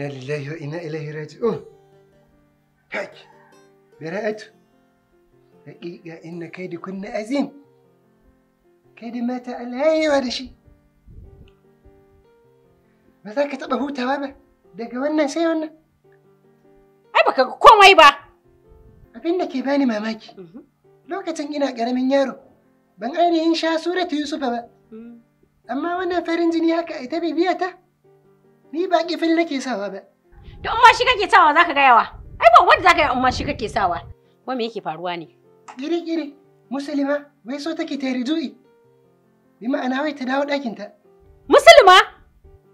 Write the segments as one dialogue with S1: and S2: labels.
S1: inna lillahi wa inna ilaihi raji'un hak oh! bara'atu haqiqa inna kaidi kunna azim kaidi mata alayhi da shi ba za ka taɓa hutawa ba daga wannan sai wannan ai baka ga komai ba abin da ke bani mamaki mhm. lokacin ina ƙaramin yaro ban ainihin sha suratu yusufa ba mm. amma wannan farin jini haka ita bibiya ta Ni ba kifin nake sawa ba. To amma shi kake sawa zaka ga yawa. Ai ba wanda zaka yi amma shi kake
S2: sawa. Wa me yake faruwa ne?
S1: Giri giri Musulma wai so take ta rijui. Bi ma'ana wai ta dawo ɗakin ta. Musulma?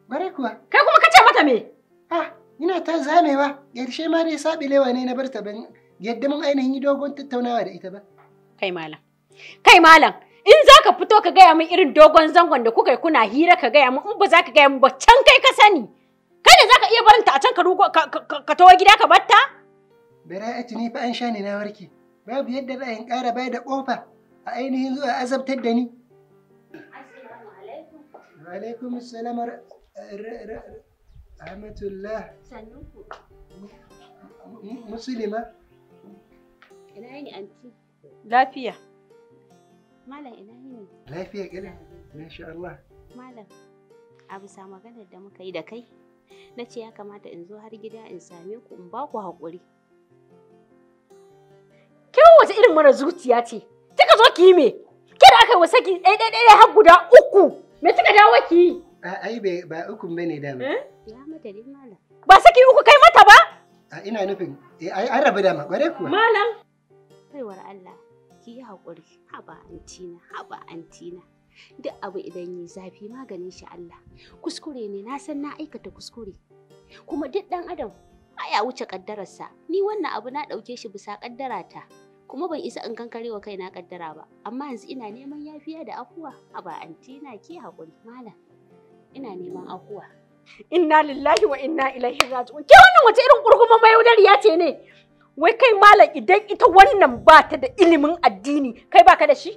S1: Bare kuwa. Kai kuma ka ce mata me? Ah, ina ta zamewa. Yarshe ma dai lewa ne na barta ban yadda mun ainihin yi dogon tattaunawa da ita ba. Kai malam. Kai malam, in za ka
S2: fito ka gaya min irin dogon zangon da kuka yi kuna hira ka gaya min in ba za ka gaya min ba can kai ka sani kai da za ka iya barinta a can ka rugo ka tawo gida ka batta
S1: bara'atu tuni fa an sha ni na warke babu yadda za in kara bai da kofa a ainihin zuwa azabtar da ni
S2: lafiya
S3: Malam ina yini?
S1: Lafiya gida. Masha Allah.
S3: Malam, a bisa maganar da muka yi da kai, na ce ya kamata in zo har gida in same ku in ba ku haƙuri.
S2: Kin wata irin mara zuciya ce? Kika zo ki yi me? Ke da aka yi wasa ki ɗaya ɗaya har guda uku. Me kika dawo ki yi?
S1: Ai ba ba ne dama. Eh?
S2: Ya mata dai malam.
S1: Ba saki uku kai mata ba? Ina nufin, eh, ai an rabu dama, ƙwarai kuwa. Malam.
S3: Kaiwar Allah. ki yi haƙuri haba antina haba antina duk abu idan yi zafi maganin shi Allah kuskure ne na san na aikata kuskure kuma duk ɗan adam baya wuce ƙaddararsa ni wannan abu na ɗauke shi bisa ƙaddarata kuma ban isa in kankare wa kaina ƙaddara ba amma yanzu ina neman yafiya da afuwa haba antina ki haƙuri malam
S4: ina neman afuwa
S2: inna lillahi wa inna ilaihi raji'un ke wannan wace irin kurkuma ya ce ne wai kai malam idan ita wannan ba ta da ilimin addini kai baka da shi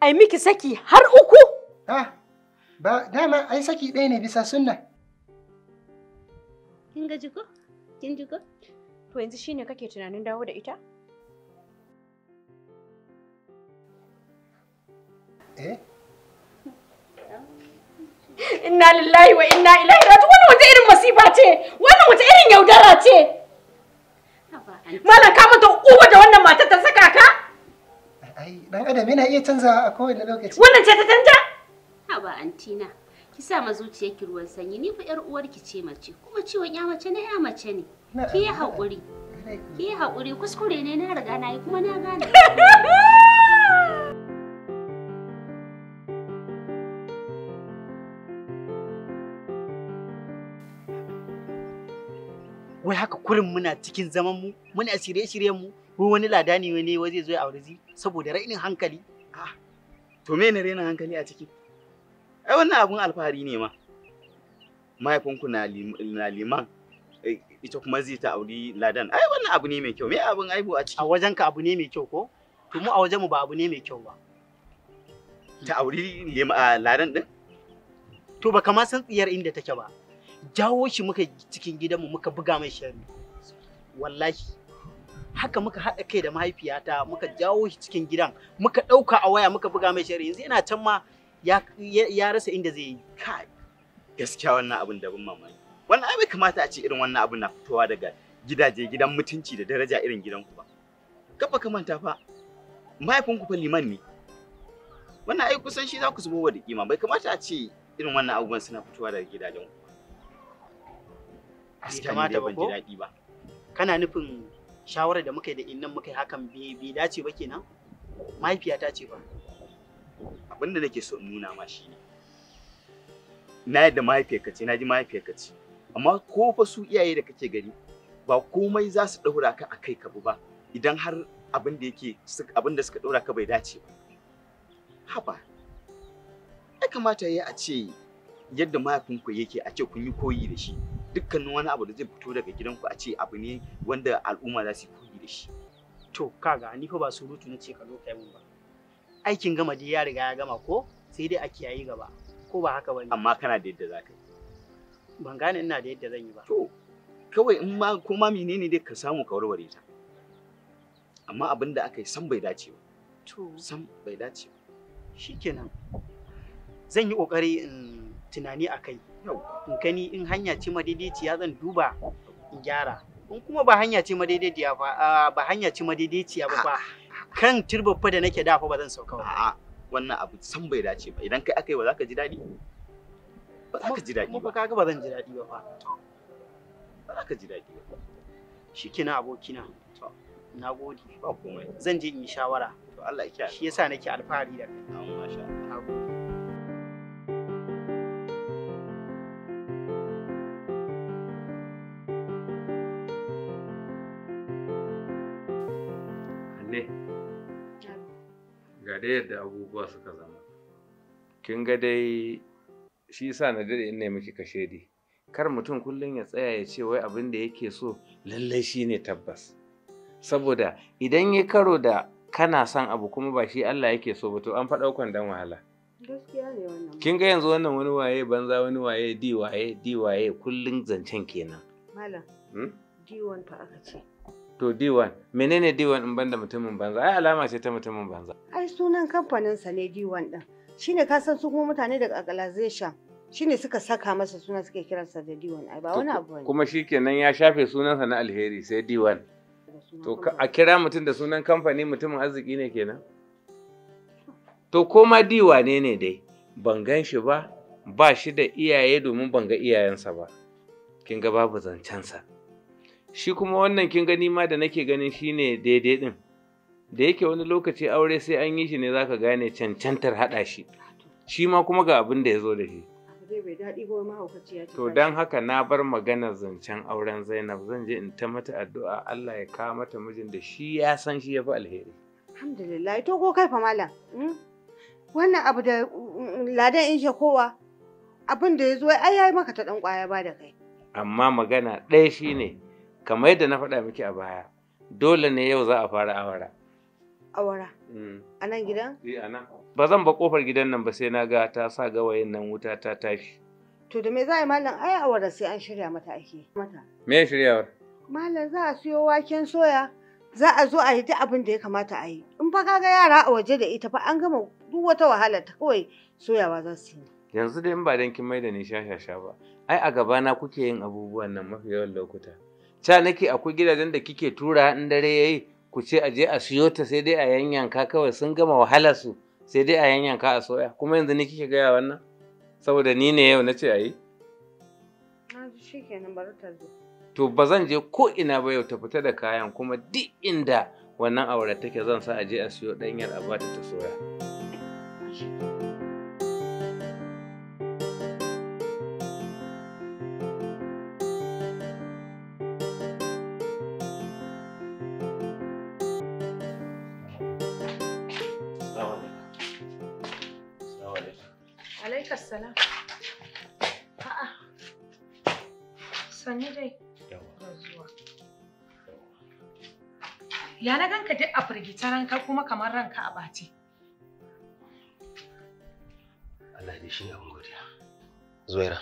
S2: ai miki saki har
S1: uku ha ba dama ai saki ɗaya ne bisa sunna
S2: kin ga jiko kin jiko to yanzu shine kake tunanin dawo da ita eh inna lillahi wa inna ilaihi raji'un wannan wata irin masifa ce wannan wata irin yaudara ce Malam ka mata uba
S1: da wannan matar ta saka ka? Ai, dan adam yana iya canza a kowane lokaci. Wannan ce ta canza
S3: Ha antina. Ki sa ma zuciyarki ruwan sanyi. Ni fa yar uwarki ce mace, kuma ciwon ya mace na ya mace ne. Ki yi haƙuri. Ki yi haƙuri, kuskure ne na riga na yi kuma na gane.
S5: wai haka kurin muna cikin zaman mu muna shirye-shiryen mu ko wani lada ne ne wai zai zo a wurin saboda rainin hankali ah to me ne rainin hankali a ciki ai wannan abun alfahari ne ma mahaifinku na liman eh, ita kuma zai ta auri ladan ai wannan abu ne mai kyau me abun aibu a ciki a wajen ka abu ne mai kyau ko to mu a wajen mu ba abu ne mai kyau ba ta auri ah, ladan din to ba ma san tsiyar inda take ba jawo shi muka cikin gidanmu muka buga mai shari wallahi haka muka haɗa kai da mahaifiyata muka jawo shi cikin gidan muka ɗauka a waya muka buga mai shari yanzu yana can ma ya rasa inda zai yi kai gaskiya wannan abin da bin mamaki wannan ai bai kamata a ce irin wannan abin na fitowa daga gidaje gidan mutunci da daraja irin gidanku ba kafa ka manta fa mahaifinku fa liman ne wannan ai kusan shi za ku zubo wa da kima bai kamata a ce irin wannan abubuwan suna fitowa daga gidajenku bai kamata ba ko kana nufin shawarar da muka yi da innan muka yi hakan bai dace ba kenan mahaifiyata ce ba abin da nake so in nuna ma shi ne na yadda mahaifiyarka ce na ji mahaifiyarka ce amma ko fa su iyaye da kake gani ba komai za su ɗaura ka a kai ka ba idan har abin da yake abin da suka ɗaura ka bai dace ba haba ya kamata ya a ce yadda mahaifinku yake a ce kun yi koyi da shi dukkanin wani abu da zai fito daga gidanku a ce abu ne wanda al'umma za su yi da shi to kaga ni fa ba surutu na ce ka zo kai mun ba aikin gama dai ya riga ya gama ko sai dai a kiyaye gaba ko ba haka bane amma kana da yadda zaka yi ban gane ina da yadda zan yi ba to kawai in ma ko ma menene dai ka samu ka warware ta amma abin da aka yi san bai dace ba to san bai dace ba shikenan zan yi kokari in tunani akai in gani in hanya ce madaidaiciya zan duba in gyara in kuma ba hanya ce madaidaiciya ba ba hanya ce madaidaiciya ba fa kan turbar fa da nake dafa ba zan sauka ba wannan abu san bai dace ba idan kai akai ba za ka ji daɗi ba za ka ji daɗi ba kaga ba zan ji daɗi ba fa ba za ka ji daɗi ba Shi kina abokina na nagode ba komai zan je in yi shawara to Allah ya kiyaye shi yasa nake alfahari da kai
S6: da yadda abubuwa suka zama kin ga dai shi yasa na dade in ne miki di. kar mutum kullum ya tsaya ya ce wai abin da yake so lallai shi ne tabbas saboda idan ya karo da kana son abu kuma ba shi Allah yake so ba to an faɗa daukan dan wahala kin ga yanzu wannan wani waye banza wani waye di waye di waye kullun zancen kenan malam hmm?
S3: di wanta aka ce
S6: To D1, menene D1 in banda mutumin banza? Ai alama ce ta mutumin banza.
S3: Ai sunan kamfanin sa ne D1 din. Shine ka san su kuma mutane daga organization shine suka saka masa suna suke kiransa da D1 ai ba wani abu ne. Kuma
S6: shikenan ya shafe sunansa na alheri sai D1. To a kira mutum da sunan kamfani mutumin arziki ne kenan? To koma D1 ne ne dai. Ban gan shi ba, ba shi da iyaye domin ban ga iyayensa ba. Kin ga babu zancensa. shi kuma wannan kin gani ma da nake ganin shine daidai din da yake wani lokaci aure sai an yi shi ne zaka gane cancantar haɗa shi shi ma kuma ga abin da ya zo da shi to don haka na bar maganar zancen auren zainab zan je in ta mata addu'a allah ya kawo mata mijin da shi ya san shi ya fi alheri
S3: alhamdulillah to ko kai fa malam hmm? wannan abu da mm, ladan in kowa abin da ya zo ai yayi maka ta dan kwaya ba da kai
S6: amma magana ɗaya shine kamar yadda na faɗa miki a baya dole ne yau za a fara awara awara mm.
S3: a nan gidan e, a nan
S6: ba zan ba kofar gidan nan ba sai na ga ta sa gawayin nan wuta ta tashi
S3: to da me za a yi malam ai awara sai an shirya mata ake mata
S6: me shiryawa?
S3: malam za a siyo waken soya za a zo a yi duk abin da ya kamata a yi in fa kaga yara a waje da ita fa an gama duk wata wahala ta kawai soyawa za su yi
S6: yanzu dai in ba dan kin mai da ni shashasha ba ai a gabana kuke yin abubuwan nan mafi yawan lokuta ca nake akwai gidajen da kike tura in dare yayi ku ce a je a siyo ta sai dai a yanyanka kawai sun gama wahalar su sai dai a yanyanka a soya kuma yanzu ni kike gaya wannan saboda ni ne yau nace ayi to ba zan je ko ina ba yau ta fita da kayan kuma duk inda wannan aure take zan sa a je a siyo ɗanyar a bata ta soya
S2: Ya na ganka duk a firgita ranka kuma kamar ranka a bace.
S7: Allah shi ne abin godiya. Zuwaira,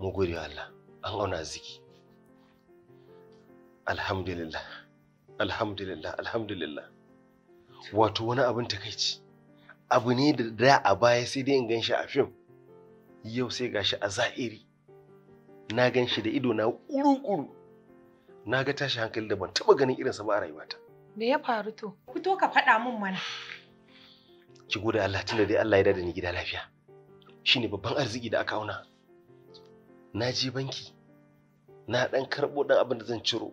S7: mu gode wa Allah, an auna arziki. Alhamdulillah, alhamdulillah, alhamdulillah. Wato wani abin takaici. Abu ne da da a baya sai dai in gan shi a fim. Yau sai gashi a za'iri. Na gan shi da ido na
S2: kuru-kuru.
S7: na ga tashi hankali da ban taɓa ganin irinsa ba a rayuwata.
S2: Me ya faru to? Fito ka faɗa min mana.
S7: Ki gode Allah tunda dai Allah ya dada ni gida lafiya. Shine babban arziki da aka auna. Na je banki. Na ɗan karɓo ɗan abin da zan ciro.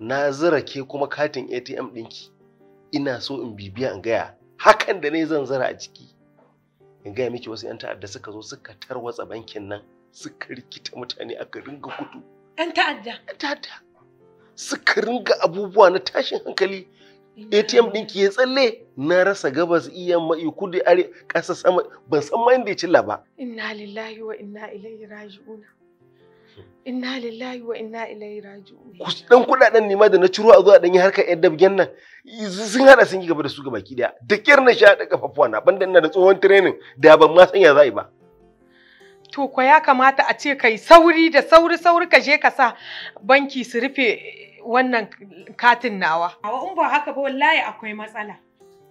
S7: Na zira ke kuma katin ATM ɗinki. Ina so in bibiya in gaya hakan da ne zan zara a ciki. In gaya miki wasu 'yan ta'adda suka zo suka tarwatsa bankin nan suka rikita mutane aka ringa gudu. 'Yan ta'adda? 'Yan ta'adda. suka ringa abubuwa na tashin hankali atm ɗinki ya tsalle na rasa gabas iya mai kudu are ƙasa sama ban san ma inda ya cilla ba
S4: inna lillahi wa inna ilaihi raji'una inna lillahi wa inna ilaihi raji'un
S7: dan kudaden ne ma da na ciro a zuwa dan yi harkar yadda bigen nan sun hada sun yi gaba da su gaba ki daya da kyar na sha da kafafuwa na banda ina da tsohon training da ban ma san ya za'i ba
S2: to kwa ya kamata a ce kai sauri da sauri sauri ka je ka sa banki su rufe wannan katin nawa. Awa in ba haka ba wallahi akwai matsala.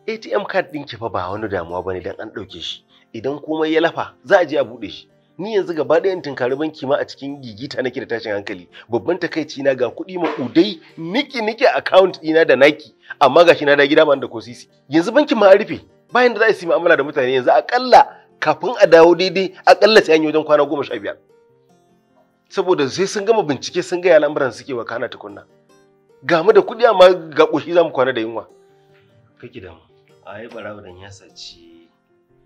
S7: ATM card ɗinki fa ba wani damuwa bane dan an ɗauke shi idan komai ya lafa za a je a buɗe shi. Ni yanzu gaba ɗayan tunkari banki ma a cikin gigita nake da tashin hankali babban takaici na ga kuɗi udai niki niki account ɗina da naki amma gashi na da gida ma da ko sisi yanzu bankin ma a rufe bayan da za a yi mu'amala da mutane yanzu akalla kafin a dawo daidai akalla sai an yi wajen kwana goma sha biyar saboda sai sun gama bincike sun gaya lamuran suke wa kana tukunna ga mu da kuɗi amma ga ƙoshi za mu kwana da yunwa kake da mu a yi ɓarawa dan ya saci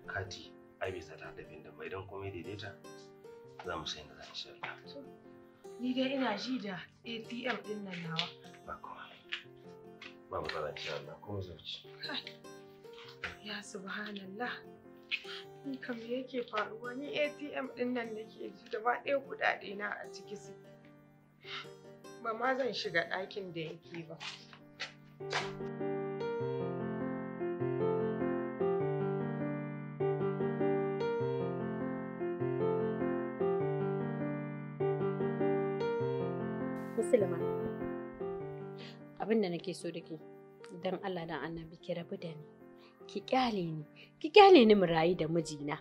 S7: kati ai bai sata da bin da mai dan komai daidaita za mu sai da za shi Allah
S2: ni dai ina ji da ATM din nan nawa ba kuma
S7: ba mu fara insha Allah ko zuci
S2: ya subhanallah
S3: Kam yake faruwa ni ATM ɗin nan nake ji gaba ɗaya kuɗaɗe na a ciki su. Ba ma zan shiga
S2: ɗakin da yake ba. Musulma, abin da nake so da ke, don Allah dan annabi ki rabu da ni. ki kyale ni ki kyale ni mu rayu da mijina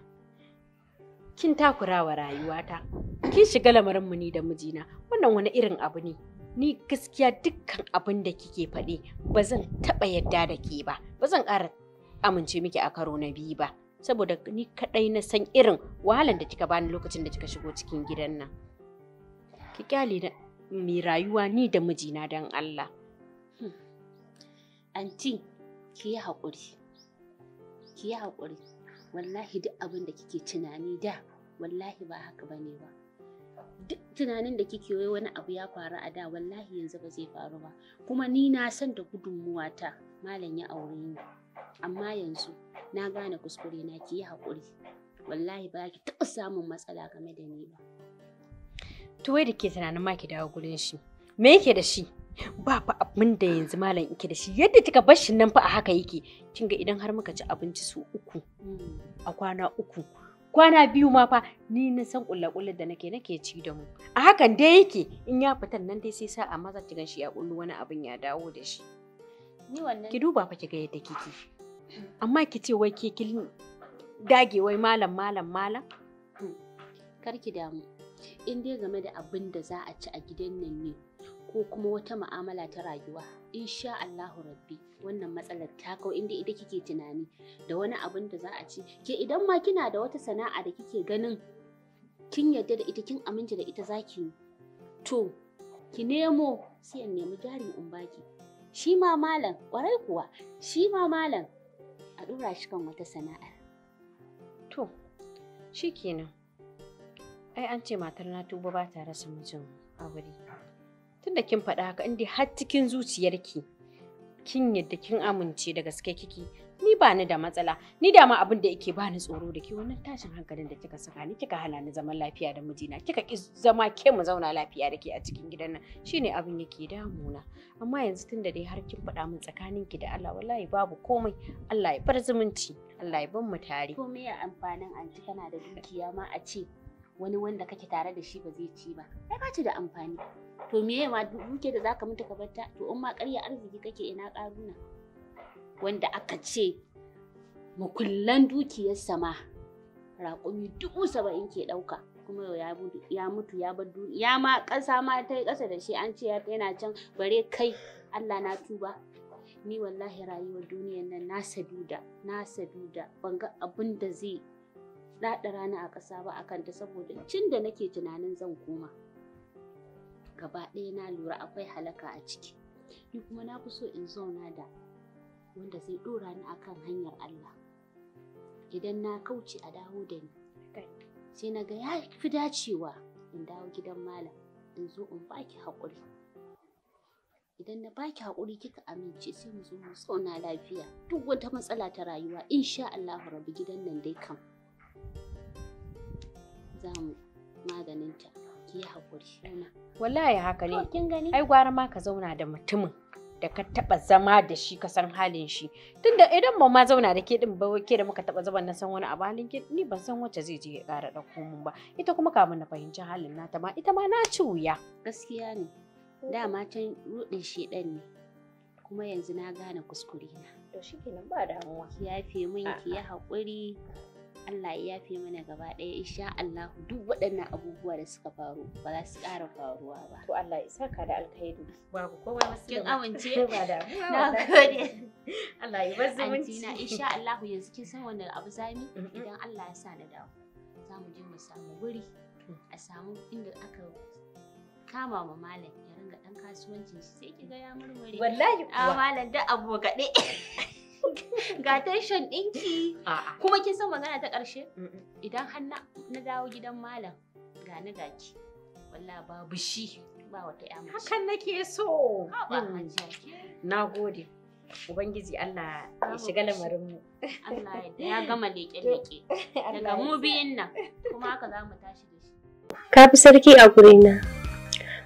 S2: kin takurawa rayuwata kin shiga lamarin mu ni da mijina wannan wani irin abu ne ni gaskiya dukkan abin da kike faɗi ba zan taɓa yadda da ke ba ba zan ƙara amince miki a karo na biyu ba saboda ni kaɗai na san irin wahalan da kika bani lokacin da kika shigo cikin gidan nan ki kyale na mai rayuwa ni da mijina don Allah hmm.
S3: anti ki yi haƙuri ki yi haƙuri wallahi duk abin da kike tunani da wallahi ba haka bane ba duk tunanin da kike wai wani abu ya faru a da wallahi yanzu ba zai faru ba kuma ni na san da gudunmuwata malam ya aure ni amma yanzu na gane kuskure na ki yi haƙuri wallahi ba ki taɓa samun matsala game da ni ba
S2: to wai da ke tunanin ma ki dawo gurin shi me yake da shi ba fa abin da yanzu malam yake da shi yadda kika bar shi nan fa a haka yake kin ga idan har muka ci abinci su uku a kwana uku kwana biyu ma fa ni na san kullakulla da nake nake ci da mu a hakan dai yake in ya fitan nan dai sai sa a maza ki ganshi ya kullu wani abin ya dawo da shi ni wannan ki duba fa ki ga yadda kike amma ki ce wai ke kin dage wai malam malam malam
S3: karki damu in dai game da abin da za a ci a gidan nan ne ko kuma wata ma'amala ta rayuwa insha Allahu rabbi wannan matsalar ta kau inda ita kike tunani da wani abin da za a ci ke idan ma kina da wata sana'a da kike ganin kin yadda da ita kin aminta da ita zaki to ki nemo sai in nemi jarin in baki shi ma malam kwarai kuwa shi ma malam a dora shi kan wata sana'a.
S2: to shikenan ai an ce matar na tuba ba ta rasa mijin aure tunda kin faɗa haka inda har cikin zuciyarki kin yadda kin amince da gaske kiki ni ba ni da matsala ni da ma abin da yake ba ni tsoro da ke wannan tashin hankalin da kika saka ni kika hana ni zaman lafiya da mijina kika ki zama ke mu zauna lafiya da ke a cikin gidan nan shine abin yake damuna amma yanzu tunda dai har kin faɗa min tsakanin ki da Allah wallahi babu komai Allah ya bar zumunci Allah ya bar mu tare komai
S3: ya amfanin anti kana da dukiya ma a ce wani wanda kake tare da shi ba zai ci ba ai ba ci da amfani to me ma duke da zaka mutu ka ta? to in ma ƙarya arziki kake ina ƙaruna wanda aka ce mukullan dukiyar sama raƙumi dubu saba'in ke ɗauka kuma ya mutu ya bar ya ma ƙasa ma ta yi ƙasa da shi an ce ya yana can bare kai Allah na tuba ni wallahi rayuwar duniyar nan na saduda na saduda ban ga abin da zai ɗaɗa rana a ƙasa ba a kanta saboda cin da nake tunanin zan koma gaba ɗaya na lura akwai halaka a ciki ni kuma na fi so in zauna da wanda zai ɗora ni akan hanyar Allah idan na kauce a dawo da ni sai na ga ya fi dacewa in dawo gidan malam in zo in baki haƙuri idan na baki haƙuri kika amince sai mu zo mu zauna lafiya duk wata matsala ta rayuwa insha Allah rabu gidan nan dai kam za mu maganinta ki haƙuri
S2: Wallahi haka ne. kin gani? Ai gwara ma ka zauna da mutumin da ka taɓa zama da shi ka san halin shi. Tunda idan ba ma zauna da ke din ba ke da muka taɓa zama na san wani abu halin ke ni ban san wacce zai je ya ƙara ɗauko mun ba. Ita kuma kamun na fahimci halin nata ma ita ma na ci wuya. Gaskiya ne. Dama can ruɗin sheɗan ne. Kuma yanzu
S3: na gane kuskure na. To shikenan ba damuwa. yafe min ki yi haƙuri. Allah ya yafe mana gaba ɗaya insha Allah duk waɗannan abubuwa da suka faru ba za su ƙara
S2: faruwa ba. To Allah ya saka da alkhairi. Babu kowa masu kin amince ba da na gode.
S3: Allah ya bar zumunci. Na insha Allah yanzu kin san wannan abu zami idan Allah ya sa na dawo. Za mu je mu samu guri a samu inda aka kama ma malam ya ringa ɗan kasuwancin shi sai ki ga ya murmure. Wallahi kuwa. Ah, malam da abu Ga tension ɗinki. Kuma kin san magana ta ƙarshe? Idan har na dawo gidan malam ga ni gaki. Wallah
S2: babu shi
S3: ba wata ƴa Hakan
S2: nake so. Mm. Na gode. Ubangiji Allah ya shiga lamarinmu.
S3: Allah ya gama leƙe-leƙe. Daga mu biyun nan
S1: kuma haka za mu tashi da shi. Ka
S2: fi sarki a gurina.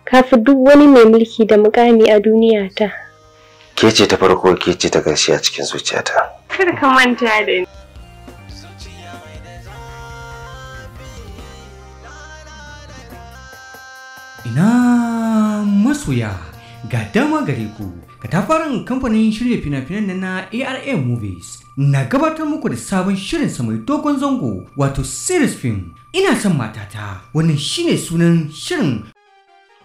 S4: Ka fi duk wani mai mulki da mukami a duniya ta.
S1: ke ce ta
S7: farko ke ce ta gashi a cikin zuciyata
S4: kar ka manta da ni ina masoya ga dama gare ku ka tafarin kamfanin shirya fina-finan na ARA Movies na gabatar muku da sabon shirin sa mai dogon zango wato series film ina son matata wannan shine sunan shirin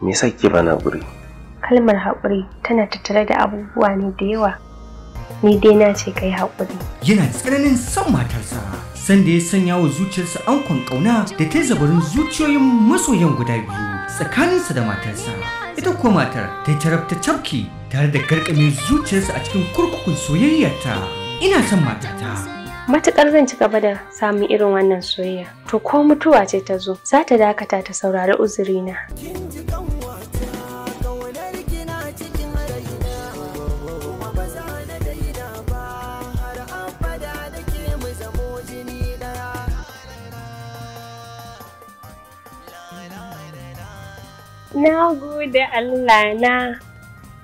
S4: me yasa ke bana guri kalmar haƙuri tana tattare da abubuwa ne da yawa
S2: ni dai na ce kai haƙuri
S4: yana tsananin son matarsa sanda ya sanya wa zuciyarsa ankon ƙauna da ta zabarin zuciyoyin masoyan guda biyu tsakaninsa da matarsa ita kuwa matar ta yi tarabta cafki tare da garkamin zuciyarsa a cikin kurkukun soyayyarta ina son matata
S3: Matuƙar zan ci gaba da samun irin wannan soyayya to ko mutuwa ce ta zo za ta dakata ta saurari uzurina.
S4: Na gode Allah na,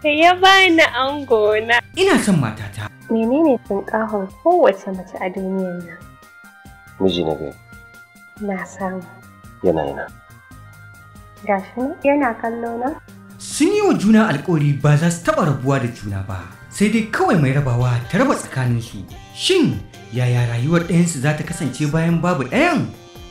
S4: ka ya bani ango na. Ina son matata. Menene sun kahon kowace mace a duniyar nan? Miji na biyu. Na samu. Yana yana. Gashi yana kallo na? Sun yi wa juna alƙawari ba za su taɓa rabuwa da juna ba, sai dai kawai mai rabawa ta raba tsakaninsu. Shin yaya rayuwar ɗayansu za ta kasance bayan babu ɗayan?